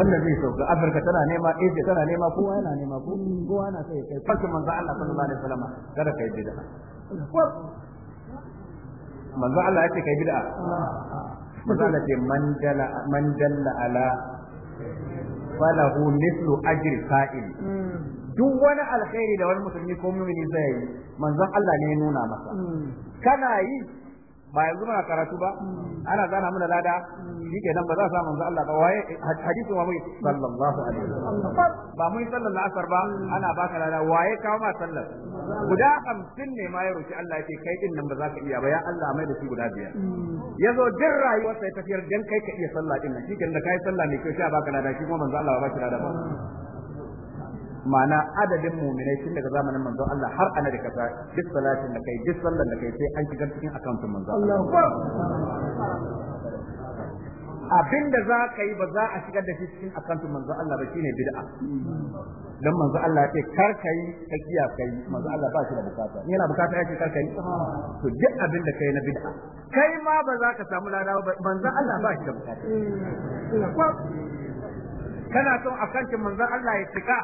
wanda zai sauka Afirka tana nema Asia tana nema kowa yana nema kowa na sai kai fakin manzo Allah sallallahu alaihi wasallam kada kai bid'a manzo Allah yake kai bid'a manzo Allah ce man dalla man dalla ala falahu mithlu ajri sa'il duk wani alkhairi da wani musulmi ko mumini zai yi manzon Allah ne ya nuna masa hmm. kana yi ba yanzu muna karatu ba ana zana mana lada nan ba za a samu Allah ba waye hadisin wa mai sallallahu alaihi wasallam ba mun sallar asar ba ana baka lada waye kawo ma sallar guda hamsin ne ma ya roki Allah ya kai din nan ba za ka iya ba ya Allah mai da shi guda biyar ya zo din rayuwar sai tafiyar dan kai ka iya sallah din nan shikenan da kai sallah ne kyau sha baka lada shi kuma manzo Allah ba shi lada ba ma'ana adadin mu'minai tun daga zamanin manzon Allah har ana da kasa duk salatin da kai duk sallar da kai sai an shiga cikin akauntin manzon Allah abinda za ka yi ba za a shigar da shi cikin akantun manzon Allah ba shine bid'a dan manzon Allah ya ce kar ka yi ka kiya kai, manzon Allah ba shi da bukata ni yana bukata ya ce kar ka yi to duk abin da kai na bid'a kai ma ba za ka samu lada ba manzon Allah ba shi da bukata hmm. kana son akantin manzon Allah ya cika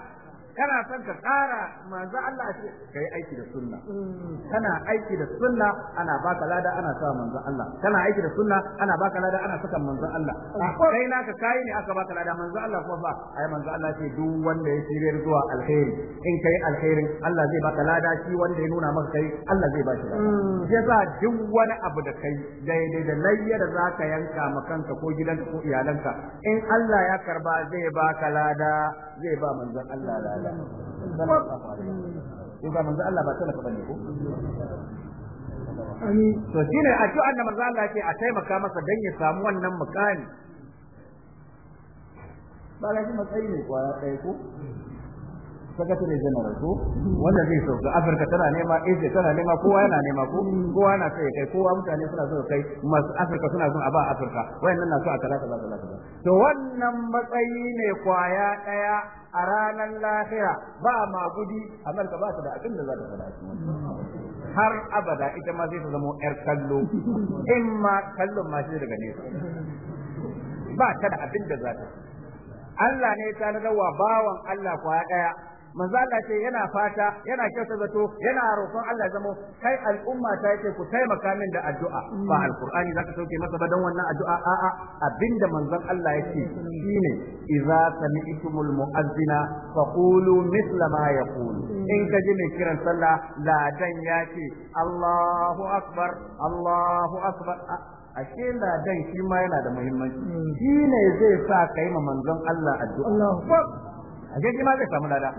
kana son ka tsara manzo Allah ce kai aiki da sunna mm. kana aiki da sunna ana baka lada ana sa manzo Allah kana aiki da sunna ana baka lada ana saka manzo Allah kai naka kai ne aka baka lada manzo Allah kuma ba ai manzo Allah ce duk wanda ya shiryar zuwa alheri in kai alheri, Allah zai baka lada shi wanda ya nuna maka kai Allah zai baki lada mm. yasa duk wani abu da kai daidai da layya da zaka yanka makanka ko gidanka ko iyalanka in Allah ya karba zai baka lada zai ba manzon Allah lada in ba manzo Allah ba talaka bane ko to shine addu'ar da manzo Allah ke a taimaka masa dan ya samu wannan mukami ba la shi matsayi ne kwa ɗaya ko sakatare general ko wanda zai sauka afirka tana nema asia tana nema kowa yana nema ko kowa na sai kai kowa mutane suna so kai masu afirka suna zuwa a ba afirka wayannan na so a kaza kaza kaza to wannan matsayi ne kwaya ɗaya a ranar lahira ba ma magudi Amurka ba su da abin da za ta shi har abada ita ma zai ta zama yar kallo in ma kallon ma shi daga nesa ba ta da abin da za ta Allah ne ya ta wa bawan Allah kwa daya manzo Allah ce yana fata yana kyauta zato yana roƙon Allah zamo kai al'umma ta yake ku taimaka min da addu'a ba mm. alqur'ani zaka sauke masa ba dan wannan addu'a a'a abinda manzon Allah yake shine idza sami'tumul mu'azzina faqulu mithla ma yaqulu mm. in ka ji mai kiran sallah la dan yace Allahu akbar Allahu akbar ashe ladan shi ma yana da muhimmanci mm. shi ne zai sa kai ma manzon Allah addu'a ashe shi ma zai samu lada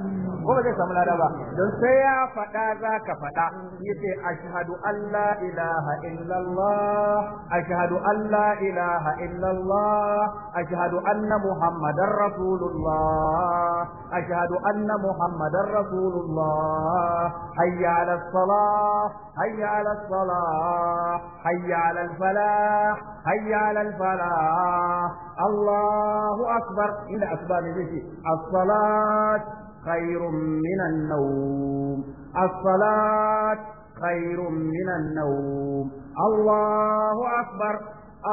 ko ba zai samu lada ba don sai ya faɗa za ka faɗa yace ashhadu an la ilaha illallah ashhadu an la ilaha illallah ashhadu anna muhammadar rasulullah أشهد أن محمدا رسول الله حي على الصلاة حي على الصلاة حي على الفلاح حي على الفلاح الله أكبر إلى أسباب به الصلاة خير من النوم الصلاة خير من النوم الله أكبر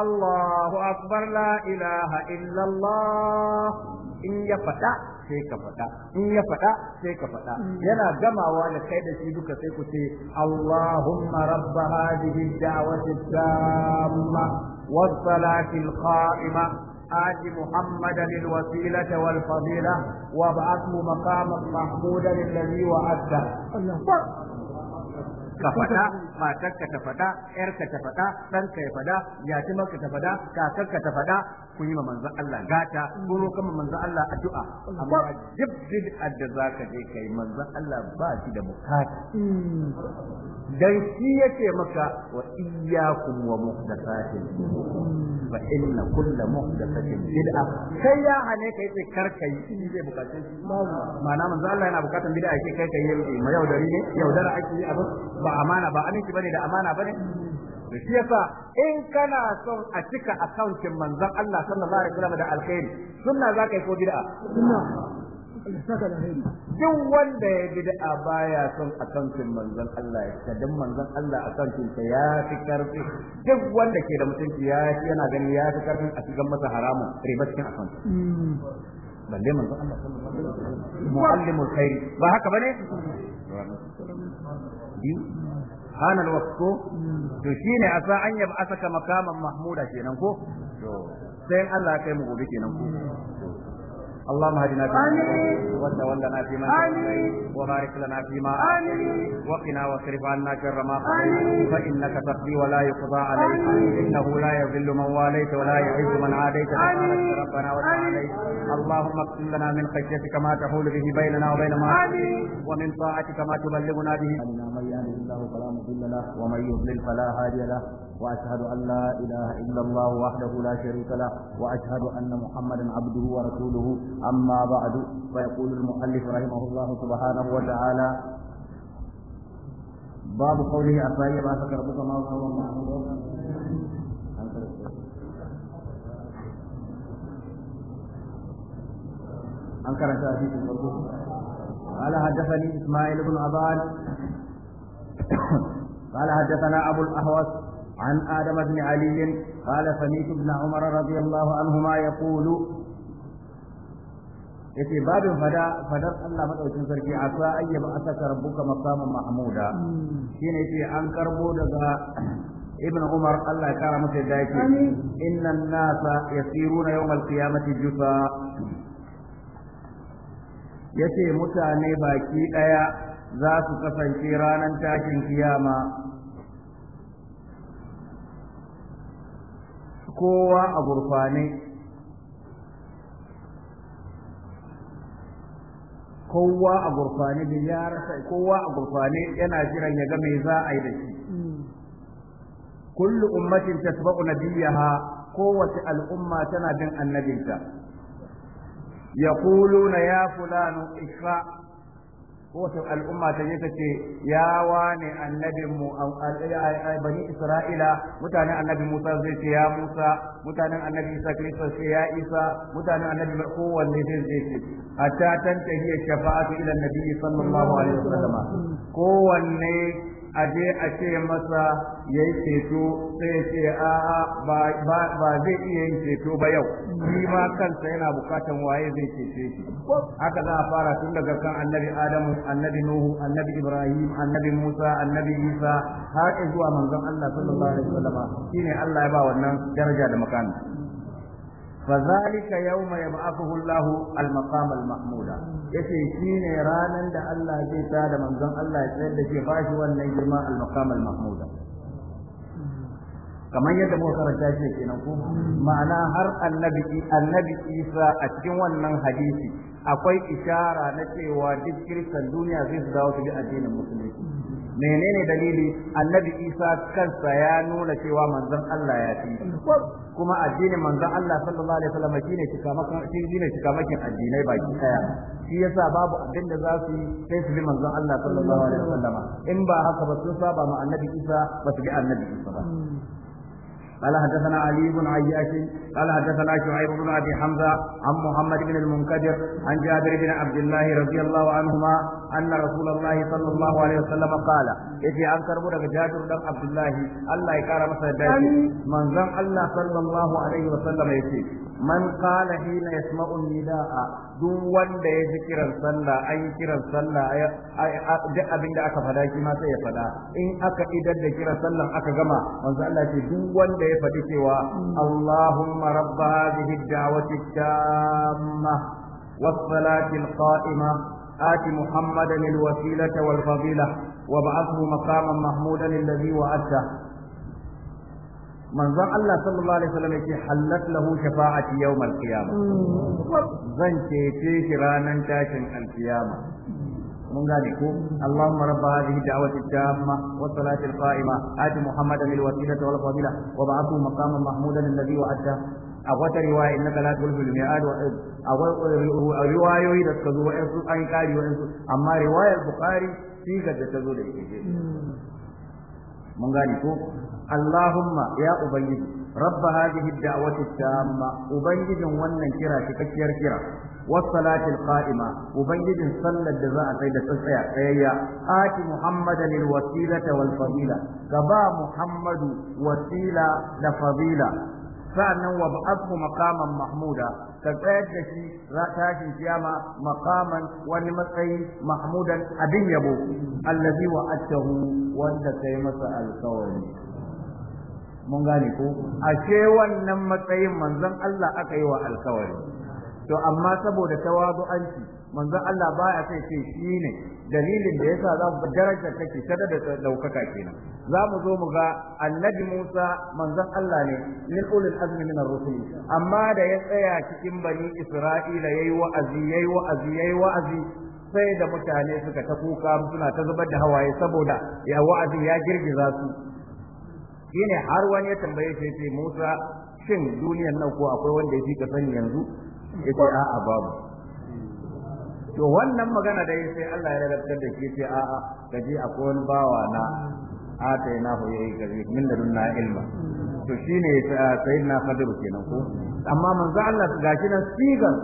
الله أكبر لا إله إلا الله إن يفتح sai ka faɗa in ya faɗa sai ka faɗa yana gamawa da kai da shi duka sai ku ce Allahumma rabba hadhihi da'wati tamma was-salati al-qa'ima آت محمدا الوسيلة والفضيلة وابعثه مقاما محمودا الذي وعدته ka faɗa matarka ta faɗa yarka ta faɗa ɗanka ya faɗa yatimarka ta faɗa kakarka ta faɗa ku yi ma manzan Allah gata ku roƙa ma manzon Allah addu'a amma duk bid'ar da ka je kai manzan Allah ba shi da bukata dan shi yake maka wa iyyakum wa muhdathatin fa inna kull muhdathatin bid'a kai ya hane kai sai kar kai in zai bukatun shi ma'ana manzo Allah yana bukatun bid'a yake kai kai yau ma yaudari ne da ake yi abin ba amana ba aminci bane da amana bane da shi yasa in kana son a cika akauntin manzon Allah sallallahu alaihi wasallam da alkhairi sunna zakai ko bid'a duk wanda ya bid'a baya son akantin manzon Allah ya kadan manzon Allah akantin ta ya fi karfi duk wanda ke da mutunci ya yana gani ya fi karfi a cikin masa haramun riba cikin akantin balle manzon Allah sallallahu alaihi wasallam muallimul khair ba haka bane biyu hana alwaqt to shine asa an saka makaman mahmuda kenan ko to sai Allah ya kai mu gobe kenan ko اللهم اهدنا فيمن وتولنا فيمن وبارك لنا فيما وقنا واصرف عنا شر ما فانك تقضي ولا يقضى عليك انه لا يذل من واليت ولا يعز من عاديت ربنا وتعاليت اللهم اقسم لنا من خشيتك ما تحول به بيننا وبين ما ومن طاعتك ما تبلغنا به من يهده الله فلا مضل له ومن يضلل فلا هادي له وأشهد أن لا إله إلا الله وحده لا شريك له وأشهد أن محمدا عبده ورسوله أما بعد فيقول المؤلف رحمه الله سبحانه وتعالى باب قوله أفاي بعثك ربك ما هو محمود أنكر karanta hadisin قال حدثني إسماعيل بن عباد قال حدثنا أبو الأهوس عن آدم بن علي قال سميت ابن عمر رضي الله عنهما يقول yace babin fada fadar Allah madaukin sarki a sa ayya ba asaka rabbuka maqaman mahmuda shine an karbo daga ibn Umar Allah ya kara masa yadda yake innan nasa yasiruna yawmal qiyamati jufa yace mutane baki daya za su kasance ranar tashin kiyama kowa a gurfane kowa a gurfane da ya rasa kowa a gurfane yana jiran ya ga me za a yi da shi kullu ummatin tatba'u nabiyaha kowace al'umma tana bin annabinta yaquluna ya fulanu ikra kowace al'umma ta je ta ya wane annabin mu bani isra'ila mutanen annabi musa zai ce ya musa mutanen annabi isa kirista sai ya isa mutanen annabi kowanne zai zai ce hatta tantahi shafa'atu ila annabi sallallahu alaihi wasallam kowanne a je a ce masa ya yi ceto sai ya ce a'a ba zai iya yin ceto ba yau shi ma kansa yana bukatan waye zai cece shi haka za a fara tun daga kan annabi adamu annabi nuhu annabi ibrahim annabi musa annabi isa har zuwa manzon allah sallallahu alaihi wasallam shine allah ya ba wannan daraja da makami فذلك يوم يبعثه الله المقام Mahmuda. yace ne ranan da Allah zai ta da manzon Allah ya tsayar da shi ba shi wannan girma al-maqam al-mahmuda kamar yadda muka karanta shi kenan ko ma'ana har annabi annabi Isa a cikin wannan hadisi akwai ishara na cewa duk kristan duniya zai su dawo su bi addinin musulunci menene dalili annabi Isa kansa ya nuna cewa manzon Allah ya fi kuma addinin manzon Allah sallallahu alaihi wasallam shine cikamakin shine cikamakin addinai baki daya shi yasa babu abin da za su yi sai su bi manzon Allah sallallahu alaihi wasallam in ba haka ba sun saba ma annabi Isa ba su bi annabi Isa ba قال حدثنا علي بن عياش قال حدثنا شعيب بن ابي حمزه عن محمد بن المنكدر عن جابر بن عبد الله رضي الله عنهما ان رسول الله صلى الله عليه وسلم قال اجي انكر بن جابر بن عبد الله الله يكرم سيدنا من زم الله صلى الله عليه وسلم يتي man qala hina yasma'u nidaa duk wanda ya ji kiran sallah an yi kiran sallah duk abin da aka fada shi ma sai ya fada in aka idan da kiran sallah aka gama manzo Allah ce duk wanda ya fadi cewa Allahumma rabb hadhihi ad-da'wati tamma was-salati al-qa'ima آت محمدا الوسيلة والفضيلة وابعثه مقاما محمودا الذي وعدته manzon Allah sallallahu alaihi wasallam yake halat lahu shafa'ati yawmal qiyama zan cece shi ranan tashin alkiyama mun gane ko Allahumma rabb hadhihi da'wati tamma wa salati alqa'ima ati muhammadan lil wasilati wal fadila wa ba'athu maqaman mahmudan alladhi wa'ada a wata riwaya innaka la tulfil mi'ad wa a riwayoyi da suka zo wa'ansu an kari wa'ansu amma riwayar bukhari sigar da ta zo da ita hmm. mun gane ko اللهم يا أبيد رب هذه الدعوة التامة أبيد ونن كرا تكير كرا والصلاة القائمة أبيد صلى الجزاء سيد السيا سيا آت محمدا الوسيلة والفضيلة كبا محمد وسيلة لفضيلة sa'annan wa ba'athu maqaman mahmuda ka tsayar da shi za shi kiyama maqaman wani matsayi mahmudan abin yabo allazi wa'atahu wanda kai masa alkawari mun gane ko ashe wannan matsayin manzon Allah aka yi wa alkawari to amma saboda tawazu'anci manzon Allah baya sai ce shi ne dalilin da yasa za mu darajar take ta da daukaka kenan za mu zo mu ga annabi Musa manzon Allah ne lil ulul azmi min ar-rusul amma da ya tsaya cikin bani Isra'ila yayi wa'azi yayi wa'azi yayi wa'azi sai da mutane suka ta kuka suna ta zubar da hawaye saboda ya wa'azi ya girgiza su shine har wani ya tambaye shi ce Musa shin duniyan nan ko akwai wanda ya fi ka sani yanzu yace a'a babu to wannan magana da sai Allah ya rabtar da shi ce a'a kaje akwai wani bawa na a ataina hu hoye gari min dunna ilma to shine ah, sayyidina Khadir kenan ko amma manzo Allah gashi nan sigan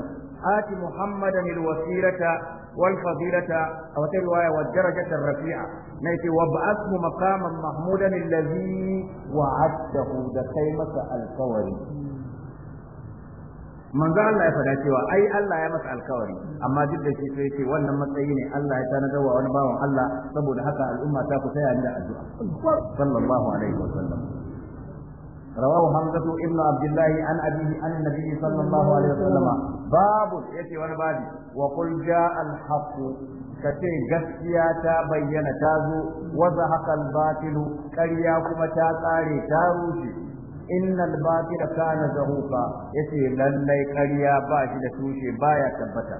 ati Muhammadan alwasilata والفضيلة أو رواية والدرجة الرفيعة نيتي وابعثه مقاما محمودا الذي وعدته دخيمة الفوري manzo Allah ya faɗa cewa ai Allah ya masa alkawari amma duk da shi sai yake wannan matsayi ne Allah ya tana wa wani bawan Allah saboda haka al'umma ta ku ni da رواه حمزة ابن عبد الله عن أبيه عن النبي صلى الله عليه وسلم باب يتي ونبادي وقل جاء الحق كتي جسيا تبين تازو وزهق الباطل كرياكم تاتاري تاروشي إن الباطل كان زهوقا يتي للي كريا باشي لتوشي بايا تبتا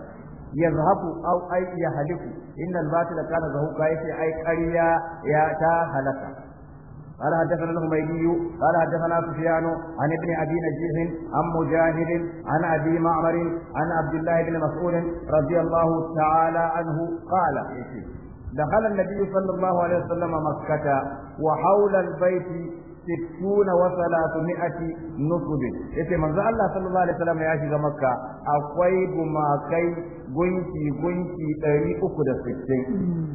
يذهب أو أي يهلك إن الباطل كان زهوقا يتي أي كريا يا تا هلكا قال حدثنا الحميدي قال حدثنا سفيان عن ابن ابي نجيح عن مجاهد عن ابي معمر عن عبد الله بن مسعود رضي الله تعالى عنه قال دخل النبي صلى الله عليه وسلم مكة وحول البيت ستون وثلاثمائة نصب يتي من الله صلى الله عليه وسلم يا شيخ مكة أقوي بماكي قنتي قنتي أري أكد الستين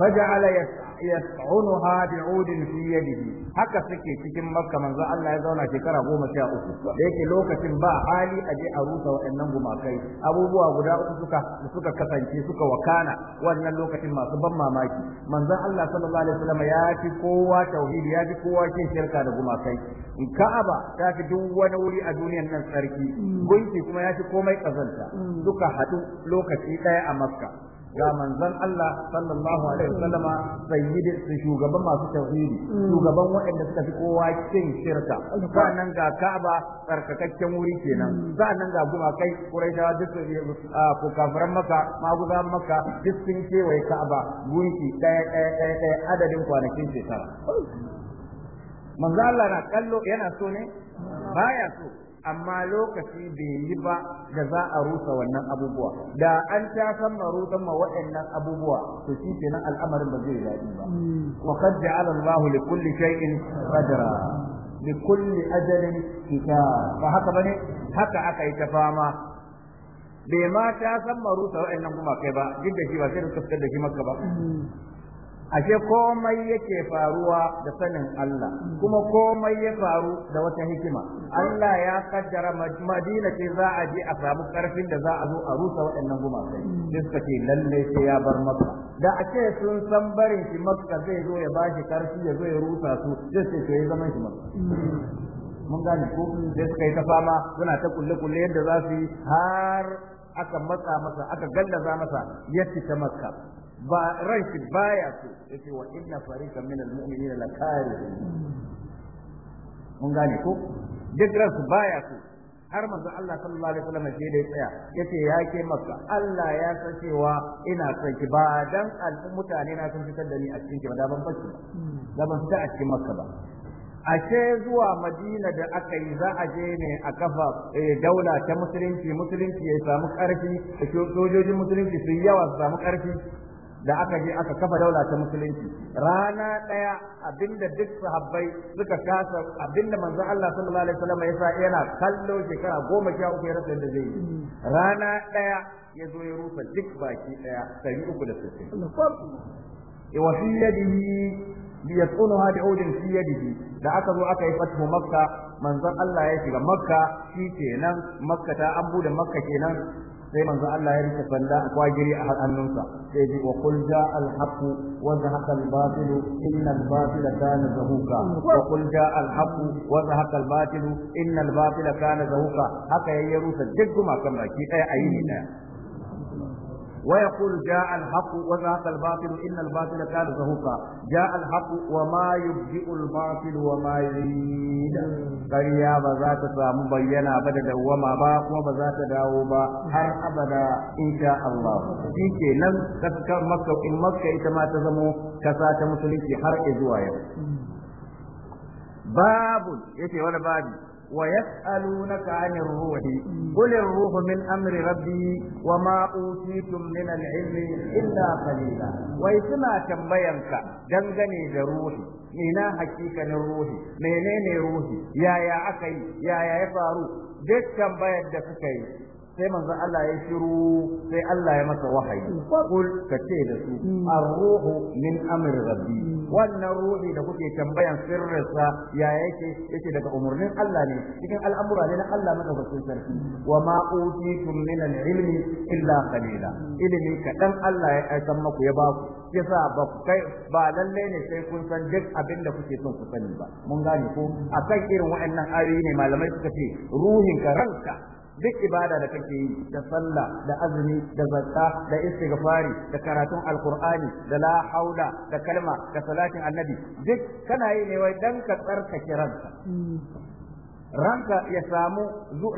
فجعل يسعى yas'unuha bi'udin fi yadihi haka suke cikin makka manzo Allah ya zauna shekara goma sha uku da yake lokacin ba hali a je a rusa waɗannan gumakai abubuwa guda uku suka suka kasance suka wakana wannan lokacin masu ban mamaki manzon Allah sallallahu alaihi wasallam ya fi kowa tauhidi ya fi kowa cin shirka da gumakai Ka'aba ta fi duk wani wuri a duniyar nan tsarki gunki kuma ya fi komai kazanta duka mm. haɗu lokaci ɗaya a Makka ga manzon Allah sallallahu alaihi wasallama sayyidi su shugaban masu tauhidi shugaban waɗanda suka fi kowa kin shirka sannan ga Ka'aba tsarkakakken wuri kenan sannan ga gumakai Quraishawa duk ko kafiran Makka maguza Makka duk sun kewaye Ka'aba gunki ɗaya ɗaya ɗaya ɗaya adadin kwanakin shekara manzon Allah na kallo yana so ne baya so amma lokaci bai yi ba da za a rusa wannan abubuwa da an ta san ma marutan ma waɗannan abubuwa to shi kenan al'amarin ba zai daɗi ba hmm. wa qad ja'ala Allahu li kulli shay'in qadra li kulli ajalin kitab ba haka bane haka aka yi ta fama bai ma ta san ma rusa waɗannan kuma kai ba duk da shi ba sai da suka da shi maka ba hmm. ashe komai yake faruwa da sanin Allah kuma komai ya faru da wata hikima Allah ya kaddara Madina ce za a je a samu karfin da za a zo a rusa waɗannan gumakai sai suka ce lalle sai ya bar maka. da a ce sun san barin shi Makka zai zo ya ba shi karfi ya zo ya rusa su sai sai ce ya zama shi Makka mun gane ko sai suka yi ta fama suna ta kulle kulle yadda za su yi har aka matsa masa aka gallaza masa ya fita Makka ba ran shi baya so yace wa inna fariqan min almu'minina lakari. mun gane ko duk ran su baya so har manzo Allah sallallahu alaihi wasallam sai da ya tsaya yace ya ke maka Allah ya san cewa ina son ki ba dan mutane na sun fitar da ni a cikin ki ba da ban fashi da ban fita a cikin makka ba ashe zuwa madina da aka yi za a je ne a kafa eh, daula ta musulunci musulunci ya samu karfi sojojin musulunci sun yawa su samu karfi da aka je aka kafa daula ta musulunci rana daya abinda duk sahabbai suka kasa abinda manzo Allah sallallahu alaihi wasallam ya sa yana kallo shekara goma sha uku ya rasa da zai yi rana daya ya zo ya rufe duk baki daya sai uku da e wa fi yadihi bi bi'udin fi yadihi da aka zo aka yi fatu makka manzon Allah ya shiga makka shi kenan makka ta an bude makka kenan sai manzo Allah ya rike sanda a kwagiri a hannunsa sai ji wa qul jaa al haqq wa zahaqa al batil inna al batila kana zahuqa wa qul jaa al haqq wa zahaqa al batil inna al batila kana zahuqa haka yayi rusa duk gumakan baki daya ayi ne daya ويقول جاء الحق وذاق الباطل إن الباطل كان زهوقا جاء الحق وما يبدئ الباطل وما يريد قريا بذات سام بينا بدد وما با وبذات داو با هر أبدا إن شاء الله ديك نم تذكر مكة إن مكة إتما تزمو كسات مسلمتي هر إزوايا باب يتي ولا بادي ويسألونك عن الروح قل الروح من أمر ربي وما أوتيتم من العلم إلا قليلا ويسمع تنبينك دنغني لروحي ina hakikanin ruhi menene ruhi yaya aka yi yaya ya faru duk tambayar da suka yi sai manzon Allah ya shiru sai Allah ya masa wahayi kul ka ce da su mm. ar-ruhu min amri rabbi mm. wannan ruhi da kuke tambayan sirrinsa ya yake yake daga umurnin Allah ne cikin al'amura ne na Allah madaukakin sarki mm. wa ma utitum min al-ilmi illa qalila ilimi kadan Allah ya aikan maku ya ba ku yasa ba ku kai ba lalle ne sai kun san duk abin da kuke son ku sani ba mun gane ko akan irin waɗannan ayoyi ne malamai suka ce ruhin ka ranka duk ibada da kake yi da sallah da azumi da zakka da istighfari da karatun alqur'ani da la haula da kalma da salatin annabi duk kana yi ne wai dan ka tsarkake ranka hmm. ranka ya samu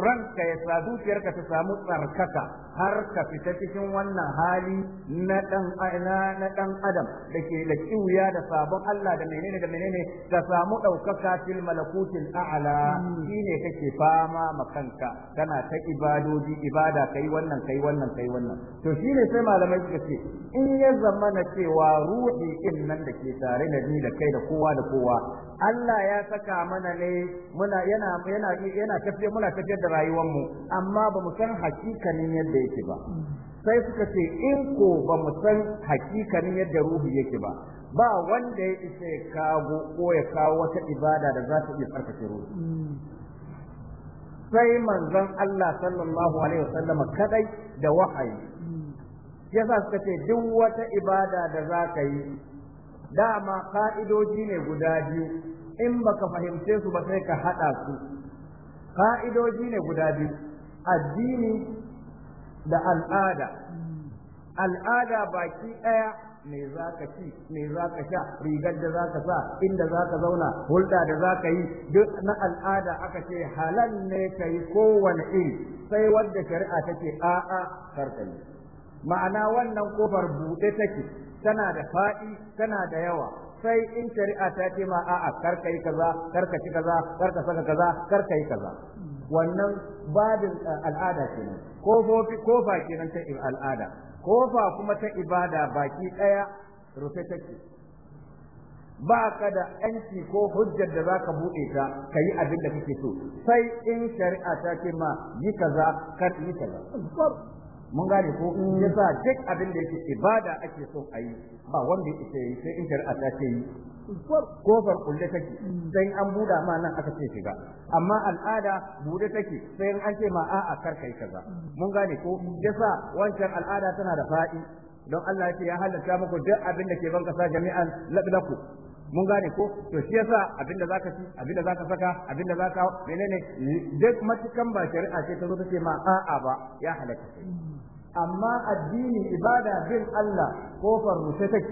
ranka ya sa zuciyarka ta samu tsarkaka har ka fita cikin wannan hali na dan na dan adam dake da kiwuya da sabon Allah da menene da menene ka samu daukaka fil malakutil a'la mm. shine kake fama makanka kana ta ibadoji ibada kai wannan kai wannan kai wannan to shine sai malamai suka ce in ya zama na cewa ruhi din nan da ke tare da ni da kai da kowa da kowa Allah ya saka mana ne muna yana yana yana tafiyar muna tafiyar da rayuwar amma ba mu san hakikanin yadda yake ba sai suka ce in ko ba mu san hakikanin yadda ruhu yake ba ba wanda ya isa ya kago ko ya kawo wata ibada da za ta iya tsarkake ruhu sai manzon Allah sallallahu alaihi wasallam kadai da wahayi yasa suka ce duk wata ibada da za ka yi dama ka'idoji ne guda biyu in baka fahimce su ba sai ka haɗa su ka'idoji ne guda biyu addini da al'ada al'ada baki ɗaya me za ka ci me za ka sha rigar da za ka sa inda za ka zauna hulɗa da za ka yi duk na al'ada aka ce halal ne ka yi kowane iri sai wadda shari'a take a'a karka yi ma'ana wannan kofar buɗe take tana da faɗi tana da yawa sai in shari'a ta ce ma a'a karka yi kaza karka ci kaza karka saka kaza karka yi kaza wannan babin eh, al'ada kenan kofofi kofa nan ta al'ada kofa kuma ta ibada baki daya rufe take ba ka da yanci ko hujjar da za ka buɗe ta ka yi abin da kake so sai in shari'a ta ce ma yi kaza kar yi kaza mun gane ko yasa duk abin da yake ibada ake so a yi ba wanda ya ce sai in shari'a ta ce yi kofar kulle take sai an buda ma nan aka ce shiga amma al'ada bude take sai an ce ma a'a kar kai kaza mun gane ko yasa wancan al'ada tana da fa'i don Allah ya ce ya halatta muku duk abin da ke ban kasa jami'an lablaku mun gane ko to shi yasa abinda zaka ci abinda zaka saka abinda zaka menene duk matukan ba shari'a ce ta zo ta ce ma a'a ba ya halatta amma addini ibada bin Allah kofar rufe take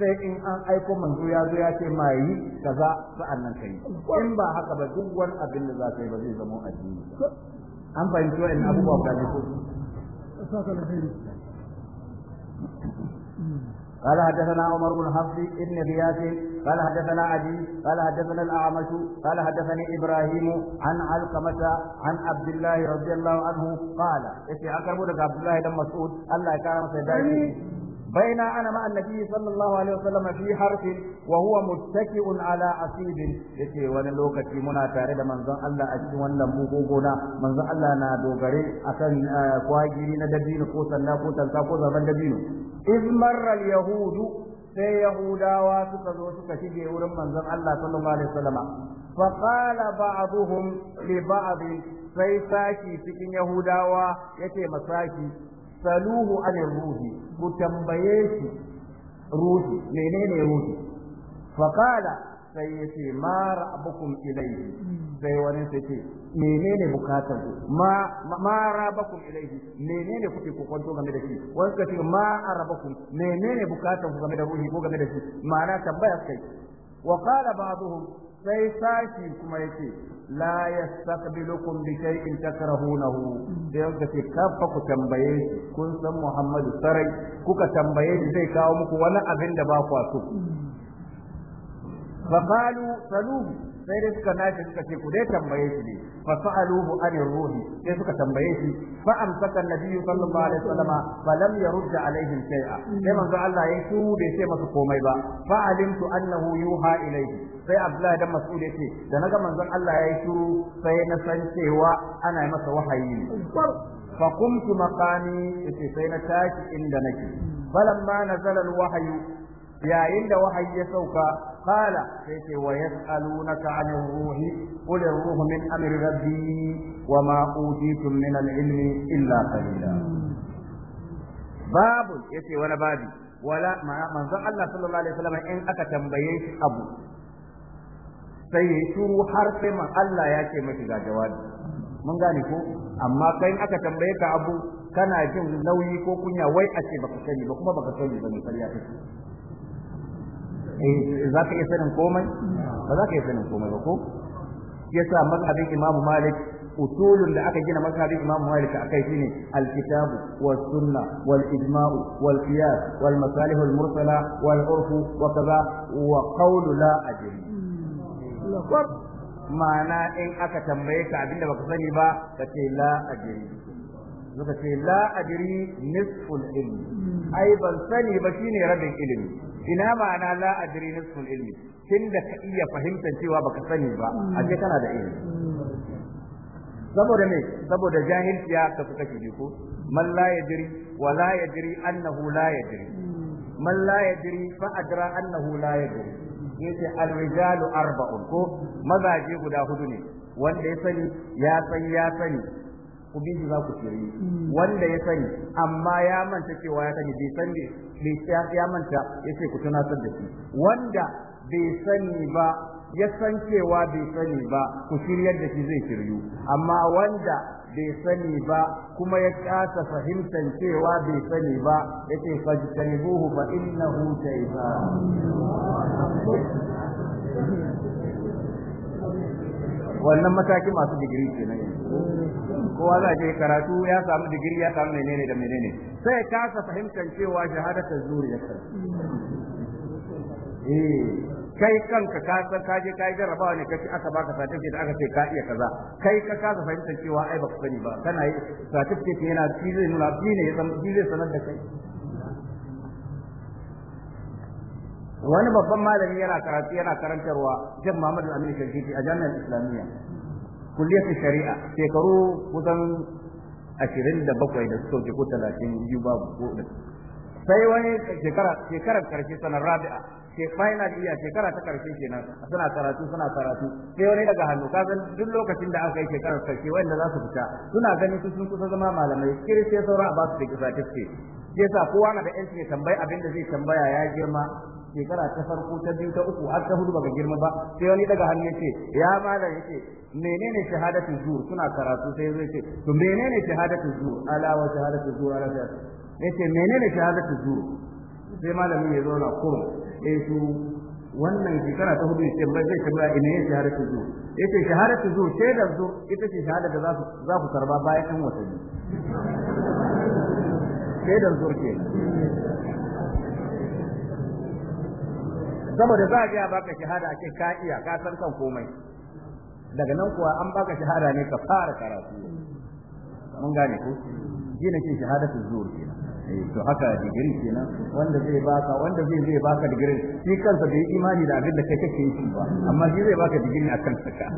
sai in an aiko manzo ya zo ya ce ma kaza su annan kai in ba haka ba duk wani abin da za ka yi ba zai zama addini an fahimci wa'in abubuwa guda ne ko قال حدثنا عمر بن حفص بن غياث قال حدثنا عدي قال حدثنا الأعمش قال حدثني إبراهيم عن علقمة عن عبد الله رضي الله عنه قال إتي أكرم عبد الله بن مسعود الله كان سيدنا بين انا مع النبي صلى الله عليه وسلم في حرف وهو متكئ على عصيب yace wani lokaci muna tare da manzon Allah a cikin wannan bugogona manzon Allah na dogare akan kwagiri na dabino ko sanna ko tanka ko zaban dabino iz marra yahudu sai yahudawa suka zo suka shige wurin manzon Allah sallallahu alaihi wasallam fa qala ba'dhum li ba'd sai saki cikin yahudawa yace masaki saluhu anil ruhi ku tambaye shi ruhi menene ruhi faqala sai yace ma rabbukum ilayhi sai wani sai ce menene bukatar ma ma rabbukum ilayhi menene kuke kokonto game da shi wani suka ce ma arabakum menene bukatar ku game da ruhi ko game da shi ma'ana tambaya kai wa qala ba'dhum sai sashi kuma yake la yastaqbilukum bi shay'in takrahunahu da yadda ke kafa ku tambaye shi kun san Muhammadu sarai kuka tambaye shi zai kawo muku wani abin da ba ku so fa qalu saluhu sai dai suka nace suka ce ku dai tambaye shi ne fa sa'aluhu ani ruhi sai suka tambaye shi fa amsaka nabi sallallahu alaihi wasallam fa lam yurd alaihim shay'a sai manzo Allah ya su bai ce masa komai ba fa alimtu annahu yuha ilaihi sai Abdullahi dan Mas'ud yace da naga manzo Allah ya yi shiru sai na san cewa ana masa wahayi ne fa qumtu maqami sai na tashi inda nake falamma nazala alwahyu yayin da wahayi ya sauka kala sai ce wa yas'alunaka an ruhi qul ruhu min amri rabbi wa ma utitum min al-ilmi illa qalila babu yace wani babi wala manzon Allah sallallahu alaihi wasallam in aka tambaye shi abu sai ya turu har sai man Allah ya ce miki ga jawabi mun gane ko amma kai in aka tambaye ka abu kana jin nauyi ko kunya wai a ce baka sani ba kuma baka sani ba misali ƙarya kake Eh, za ka iya sanin komai ba za ka iya sanin komai ba ko yasa mazhabin imamu malik usulun da aka gina mazhabin imam malik akai shine alkitab was sunna wal ijma' wal qiyas wal masalih al mursala wal urf wa kaza wa qawl la ajri ma'ana in aka tambaye ka abinda baka sani ba ka ce la ajri suka ce la ajri nisful ilmi ai ban sani ba shine rabin ilimi ina ma'ana la adri nisful ilmi tunda ka iya fahimtar cewa baka sani ba a ce kana da ilmi saboda me saboda jahilci ya kasu kashi biyu ko man la yadri wa la yadri annahu la yadri man la yadri fa adra annahu la yadri yace al rijalu arba'un ko mazaje guda hudu ne wanda ya sani ya san ya sani ku bi za ku tsiri wanda ya sani amma ya manta cewa ya sani bai sani bai ya manta yace ku tunatar da shi wanda bai sani ba ya san cewa bai sani ba ku shiryar da shi zai shiryu amma wanda bai sani ba kuma ya kasa fahimtar cewa bai sani ba yace fajtanibuhu fa innahu shaytan wannan mataki masu digiri kenan yanzu kowa za je karatu ya samu digiri ya samu menene da menene sai kasa fahimtar cewa shahadatar zuri ya kai eh, kanka ka san ka je kai jarrabawa ne kace aka baka certificate aka ce ka iya kaza kai ka kasa fahimtar cewa ai baka sani ba kana yi certificate yana shi ne na shi ne san zai sanar da kai wani babban malami yana karatu yana karantarwa jan Muhammadu Aminu amin a Jami'ar Islamiyya kulliyar shari'a shekaru kusan ashirin da bakwai da suka ko talatin biyu babu ko da sai wani shekara shekarar karshe sanar rabi'a ke final iya shekara ta karshe kenan suna karatu suna karatu sai wani daga hannu ka san duk lokacin da aka yi shekarar karshe wanda za su fita suna ganin su sun kusa zama malamai kiri sai saura a ba su da yasa kowa na da yanci ya tambayi abin da zai tambaya ya girma shekara ta farko ta biyu ta uku har ta hudu ga girma ba sai wani daga hannu yace ya malam yace menene shahadatu zuhur suna karatu sai zai ce to menene shahadatu zuhur ala wa shahadatu zuhur ala ta yace menene shahadatu zuhur sai malamin ya na kurum eh su wannan shekara ta hudu sai ba zai tambaya ina yin shahadatu zuhur yace shahadatu zuhur da zuhur ita ce shahada da za ku karba bayan watanni shaidan zurke saboda za a ga baka shahada ake ka iya ka san kan komai daga nan kuwa an baka shahada ne ka fara karatu mun gane ko shi ne ke shahadatu zuwa kenan eh, to haka digiri kenan wanda zai baka wanda zai zai baka digiri shi kansa bai imani da abin da kai kake yi ba amma shi zai baka digiri a kansa ka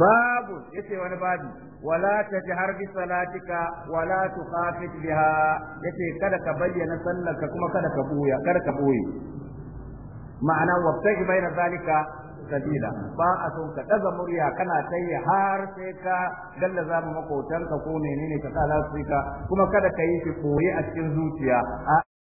babu yace wani babu ولا تجهر بصلاتك ولا تخافت بها yace kada ka bayyana sallarka kuma kada ka buya kada ka buye ma'ana wabtaji baina zalika sabila ba a son ka daga murya kana taya har sai ka dalla zamu makotanka ko menene ka sa lasika kuma kada ka yi shi koyi a cikin zuciya